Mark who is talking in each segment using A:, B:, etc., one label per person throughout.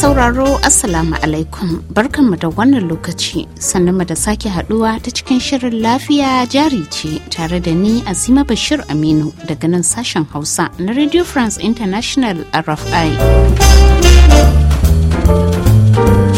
A: sauraro Assalamu alaikum barkanmu da wannan lokaci sannunmu da sake haduwa ta cikin shirin lafiya jari ce tare da ni Azima Bashir Aminu daga nan sashen Hausa na Radio France International RFI.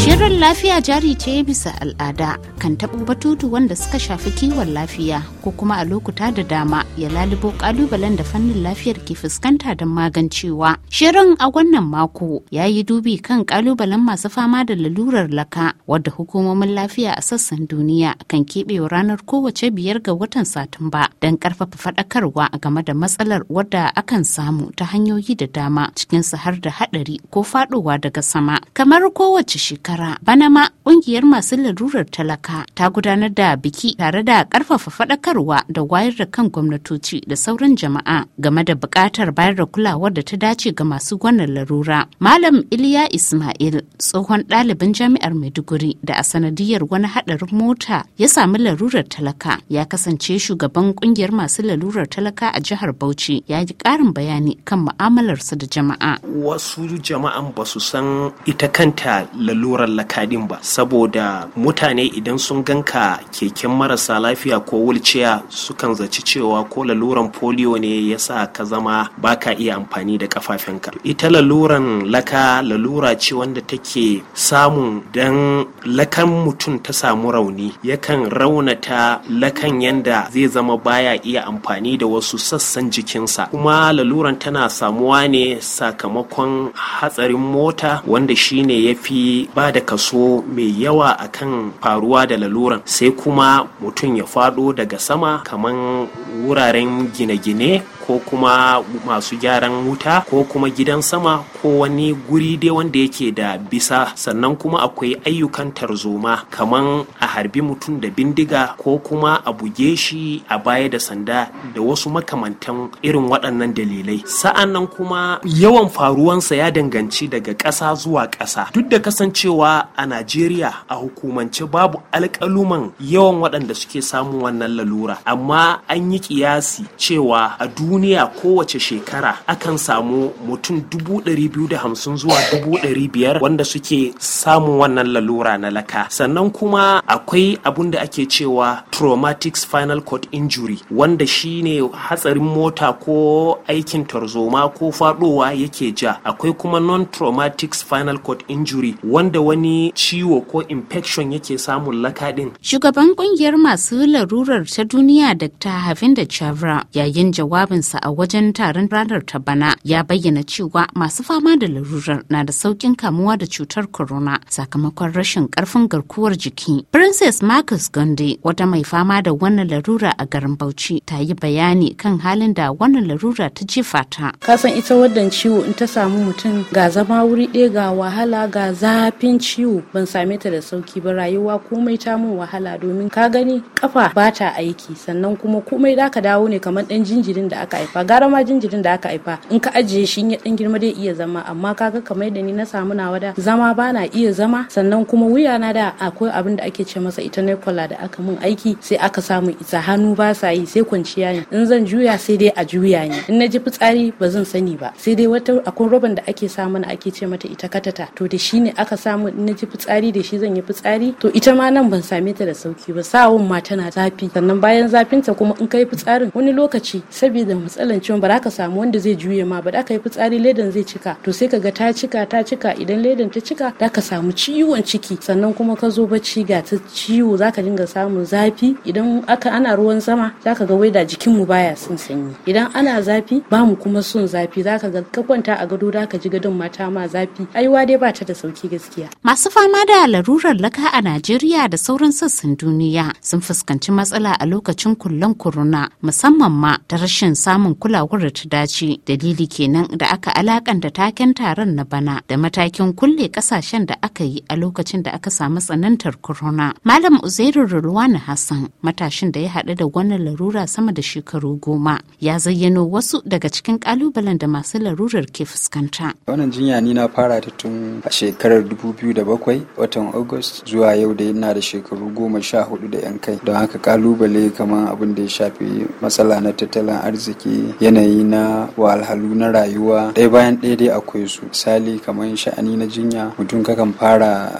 A: Shirin lafiya jari ce bisa al'ada kan taɓo batutu wanda suka shafi kiwon lafiya ko kuma a lokuta da dama ya lalubo ƙalubalen da fannin lafiyar ke fuskanta don magancewa. Shirin a wannan mako ya yi dubi kan ƙalubalen masu fama da lalurar laka wadda hukumomin lafiya a sassan duniya kan keɓewa ranar kowace biyar ga watan Satumba don ƙarfafa faɗakarwa game da matsalar wadda akan samu ta hanyoyi da dama cikinsu har da haɗari ko faɗowa daga sama. Kamar kowace shekara shekara bana ma kungiyar masu larurar talaka ta gudanar da biki tare da karfafa fadakarwa da wayar da kan gwamnatoci da sauran jama'a game da bukatar bayar da kulawar da ta dace ga masu gwanar larura malam iliya ismail tsohon ɗalibin jami'ar maiduguri da a sanadiyar wani haɗarin mota ya sami larurar talaka ya kasance shugaban kungiyar masu larurar talaka a jihar bauchi ya yi ƙarin bayani kan mu'amalarsa da jama'a
B: wasu jama'an ba su san ita kanta lalurar nasarar lakadin ba saboda mutane idan sun ganka keken marasa lafiya ko wulciya sukan zaci cewa ko laluran polio ne ya sa ka zama baka iya amfani da kafafenka ita laluran laka lalura ce wanda take samun dan lakan mutum ta samu rauni yakan raunata lakan yanda zai zama baya iya amfani da wasu sassan jikinsa kuma laluran tana samuwa ne sakamakon hatsarin mota wanda shine ya fi ba da kaso mai yawa akan faruwa da laluran sai kuma mutum ya faɗo daga sama kaman wuraren gine-gine ko kuma masu gyaran wuta ko kuma gidan sama ko wani guri dai wanda yake da bisa sannan kuma akwai ayyukan tarzoma kaman a harbi mutum da bindiga ko kuma a buge shi a baya da sanda da wasu makamantan irin waɗannan dalilai sa'an nan kuma yawan faruwansa ya danganci daga ƙasa zuwa ƙasa duk da kasancewa a najeriya a hukumance babu alƙaluman yawan waɗanda suke samun wannan lalura amma an yi ƙiyasi cewa a duk duniya kowace shekara akan samu mutum dubu da hamsin zuwa dubu biyar wanda suke samun wannan lalura na laka sannan kuma akwai abun da ake cewa traumatic spinal cord injury wanda shine hatsarin mota ko aikin tarzoma ko faɗowa yake ja akwai kuma non-traumatic spinal cord injury wanda wani ciwo ko infection yake samun laka din.
A: shugaban kungiyar masu larurar ta duniya dr havinda chavra yayin jawabin jawabinsa a wajen taron ranar ta bana ya bayyana cewa masu fama da larurar na da saukin kamuwa da cutar corona sakamakon rashin karfin garkuwar jiki. Princess Marcus Gonde wata mai fama da wannan larura a garin Bauchi ta yi bayani kan halin da wannan larura ta jefa ta.
C: san ita wannan ciwo in ta samu mutum ga zama wuri ɗaya ga wahala ga zafin ciwo ban same ta da sauki ba rayuwa komai ta mun wahala domin ka gani kafa ba ta aiki sannan kuma komai da ka dawo ne kamar ɗan jinjirin da aka aka haifa gara ma jinjirin da aka haifa in ka ajiye shi ya dan girma dai iya zama amma kaga kamar da ni na samu nawa da zama bana iya zama sannan kuma wuya na da akwai abin da ake ce masa ita ne kwala da aka min aiki sai aka samu ita hannu ba sa yi sai kwanciya ne in zan juya sai dai a juya ne in na ji fitsari ba zan sani ba sai dai wata akwai roban da ake samu na ake ce mata ita katata to da shi ne aka samu in na ji fitsari da shi zan yi fitsari to ita ma nan ban same ta da sauki ba sawun ma tana zafi sannan bayan zafinta kuma in kai fitsarin wani lokaci saboda matsalan cewa ba za ka samu wanda zai juye ma ba da ka yi fitsari ledan zai cika to sai ka ga ta cika ta cika idan ledan ta cika da ka samu ciwon ciki sannan kuma ka zo bacci ga ta ciwo za ka dinga samun zafi idan aka ana ruwan sama za ka ga waida jikin mu baya son sanyi idan ana zafi ba mu kuma son zafi za ka ga ka kwanta a gado da ka ji gadon mata ma zafi aiwa dai ba ta da sauki gaskiya
A: masu fama da larurar laka a Najeriya da sauran sassan duniya sun fuskanci matsala a lokacin kullen kuruna musamman ma ta rashin sa samun kulawar da ta dace dalili kenan da aka alakanta taken taron na bana da matakin kulle kasashen da aka yi a lokacin da aka samu tsanantar corona malam uzairu rulwani hassan matashin da ya haɗu da wannan larura sama da shekaru goma ya zayyano wasu daga cikin kalubalen da masu larurar ke fuskanta
D: wannan jinya ni na fara ta tun a shekarar bakwai watan august zuwa yau da yana da shekaru goma sha hudu da yan kai don haka kalubale kamar abin da ya shafi matsala na tattalin arziki sauƙaƙe yanayi na wahalhalu na rayuwa ɗaya bayan ɗaya dai akwai su misali kamar sha'ani na jinya mutum kakan fara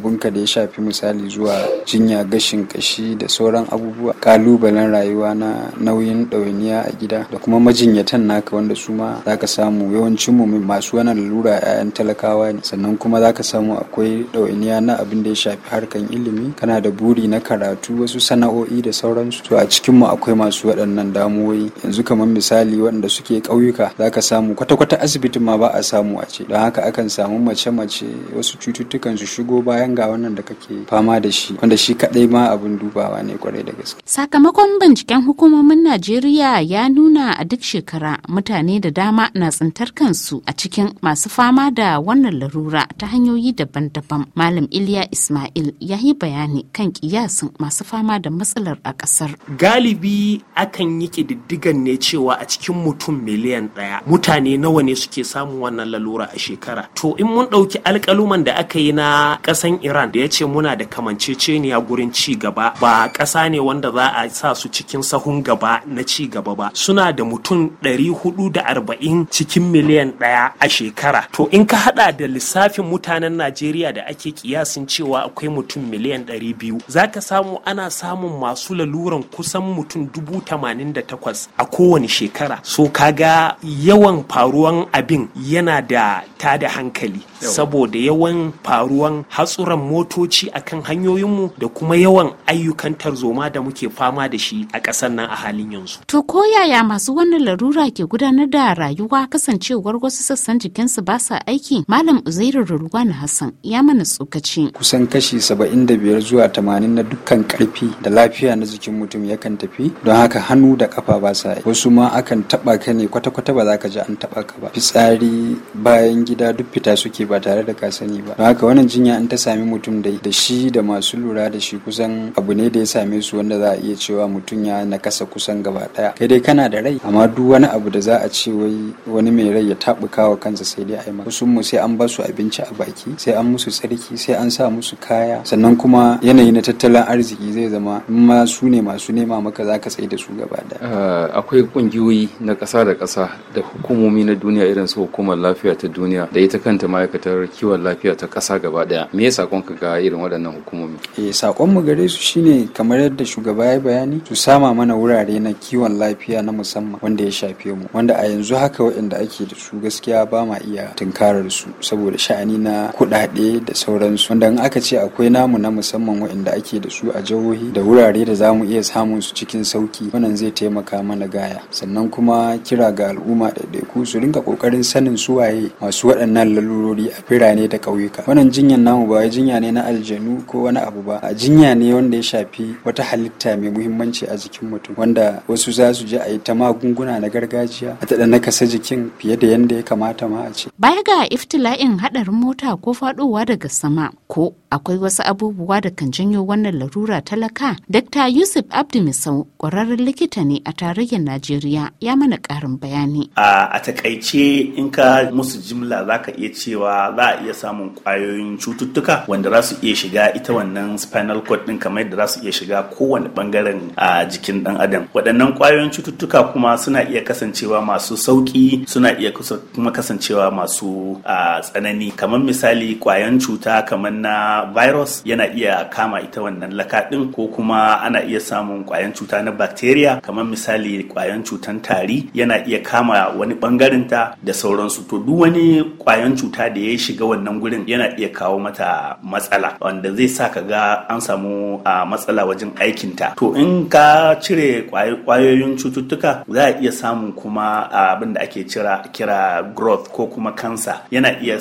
D: abunka da ya shafi misali zuwa jinya gashin kashi da sauran abubuwa kalubalen rayuwa na nauyin ɗawainiya a gida da kuma majinyatan naka wanda su ma za ka samu yawancin mu masu wannan lalura 'ya'yan talakawa ne sannan kuma za ka samu akwai ɗawainiya na abin da ya shafi harkan ilimi kana da buri na karatu wasu sana'o'i da sauransu to a cikin mu akwai masu waɗannan damuwoyi yanzu kamar misali waɗanda suke ƙauyuka za ka samu kwata-kwata asibitin ma ba a samu a ce don haka akan samu mace-mace wasu cututtukan su shigo bayan ga wannan da kake fama da shi wanda shi kadai ma abin dubawa ne kwarai da gaske
A: sakamakon binciken hukumomin najeriya ya nuna a duk shekara mutane da dama na tsintar kansu a cikin masu fama da wannan larura ta hanyoyi daban-daban malam iliya ismail ya yi bayani kan kiyasin masu fama da matsalar a kasar
B: galibi akan yi kididdigan ne cewa a cikin mutum miliyan ɗaya mutane nawa ne suke samun wannan lalura a shekara to in mun ɗauki alƙaluman da aka yi na ƙasan kasan iran da ya ce muna da kamanceceniya gurin ci gaba ba ƙasa ne wanda za a sa su cikin sahun gaba na ci gaba ba suna da mutum 440 cikin miliyan ɗaya a shekara to in ka hada da lissafin mutanen najeriya da ake kiyasin cewa akwai mutum miliyan 200 za ka samu ana samun masu laluran kusan mutum 88% a kowane shekara so kaga yawan faruwan abin yana da ta da hankali saboda yawan faruwan hatsu hatsuran motoci a kan hanyoyinmu da kuma yawan ayyukan tarzoma da muke fama da shi a ƙasar nan a halin yanzu.
A: To ko yaya masu wannan larura ke gudanar da rayuwa kasancewar wasu sassan jikinsu ba sa aiki Malam Uzairu na Hassan ya mana tsokaci.
D: Kusan kashi saba'in da biyar zuwa tamanin na dukkan ƙarfi da lafiya na jikin mutum yakan tafi don haka hannu da kafa ba sa wasu ma akan taɓa ka ne kwata-kwata ba za ka ji an taɓa ka ba fitsari bayan gida duk fita suke ba tare da ka sani ba don haka wannan jinya an ta sami mutum da shi da masu lura da shi kusan abu ne da ya same su wanda za a iya cewa mutum ya na kasa kusan gaba daya kai dai kana da rai amma duk wani abu da za a ce wai wani mai rai ya taɓuka wa kansa sai dai a yi mu sai an ba su abinci a baki sai an musu tsarki sai an sa musu kaya sannan kuma yanayi na tattalin arziki zai zama in ma su ne masu nema maka ka tsaye da su gaba daya ah, akwai kungiyoyi na kasa da kasa da hukumomi na duniya irin su hukumar lafiya ta duniya da ita kanta ma'aikatar kiwon lafiya ta ƙasa gaba daya me yasa sakonka ga irin waɗannan hukumomi eh sakonmu gare su shine kamar yadda shugaba ya bayani su sama mana wurare na kiwon lafiya na musamman wanda ya shafe mu wanda a yanzu haka waɗanda ake da su gaskiya ba ma iya tunkarar su saboda sha'ani na kuɗaɗe da sauransu wanda in aka ce akwai namu na musamman waɗanda ake da su a jihohi da wurare da zamu iya samun su cikin sauki wannan zai taimaka mana gaya sannan kuma kira ga al'umma ɗaiɗaiku su rinka ƙoƙarin sanin suwaye masu waɗannan lalurori a birane da ƙauyuka wannan jinyan namu ba jinya ne na aljanu ko wani abu ba a jinya ne wanda ya shafi wata halitta mai muhimmanci a jikin mutum wanda wasu za su je a yi ta magunguna na gargajiya a taɗa nakasa jikin fiye da yanda ya kamata ma a ce.
A: Baya ga iftila'in haɗarin mota ko faɗowa daga sama ko akwai wasu abubuwa da kan janyo wannan larura talaka? Dr. Yusuf Abdu Misau, ƙwararren likita ne a tarayyar Najeriya, ya mana ƙarin bayani.
E: A takaice in ka musu jimla za ka iya cewa za a iya samun ƙwayoyin cututtuka wanda za su iya shiga ita wannan spinal cord ɗin kamar yadda za su iya shiga kowane ɓangaren a jikin ɗan adam. Waɗannan ƙwayoyin cututtuka kuma suna iya kasancewa masu sauƙi suna iya kuma kasancewa masu tsanani kamar misali ƙwayan cuta kamar na virus yana iya kama ita wannan laka ko kuma ana iya samun ƙwayan cuta na bacteria kamar misali ƙwayan cutan tari yana iya kama wani ɓangaren ta da sauransu to duk wani ƙwayan cuta da ya shiga wannan gurin yana iya kawo mata matsala wanda zai sa ka ga an samu a matsala wajen aikin ta to in ka cire ƙwayoyin cututtuka za a iya samun kuma abin da ake kira growth ko kuma kansa yana iya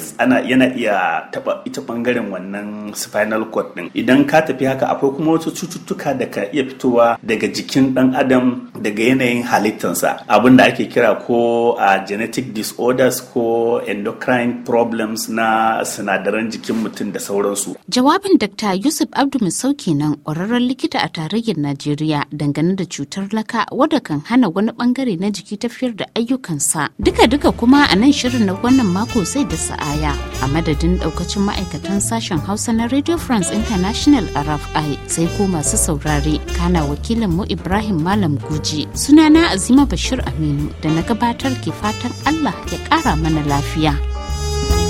E: taɓa ita ɓangaren wannan spinal cord din idan ka tafi haka akwai kuma wasu cututtuka da ka iya fitowa daga jikin dan adam daga yanayin halittansa abin da ake kira ko a genetic disorders ko endocrine problems na sinadaran jikin mutum da sauransu jawabin
A: dr yusuf abdu misau kenan ƙwararren likita a tarayyar najeriya dangane da cutar laka wadda kan hana wani bangare na jiki tafiyar da ayyukansa duka-duka kuma a nan shirin na wannan mako sai da sa'aya a madadin daukacin ma'aikatan sashen hausa na Radio France International RFI sai ko masu saurare kana mu Ibrahim Malam Guji. Sunana Azima Bashir Aminu da na gabatar ke fatan Allah ya kara mana lafiya.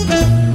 A: thank you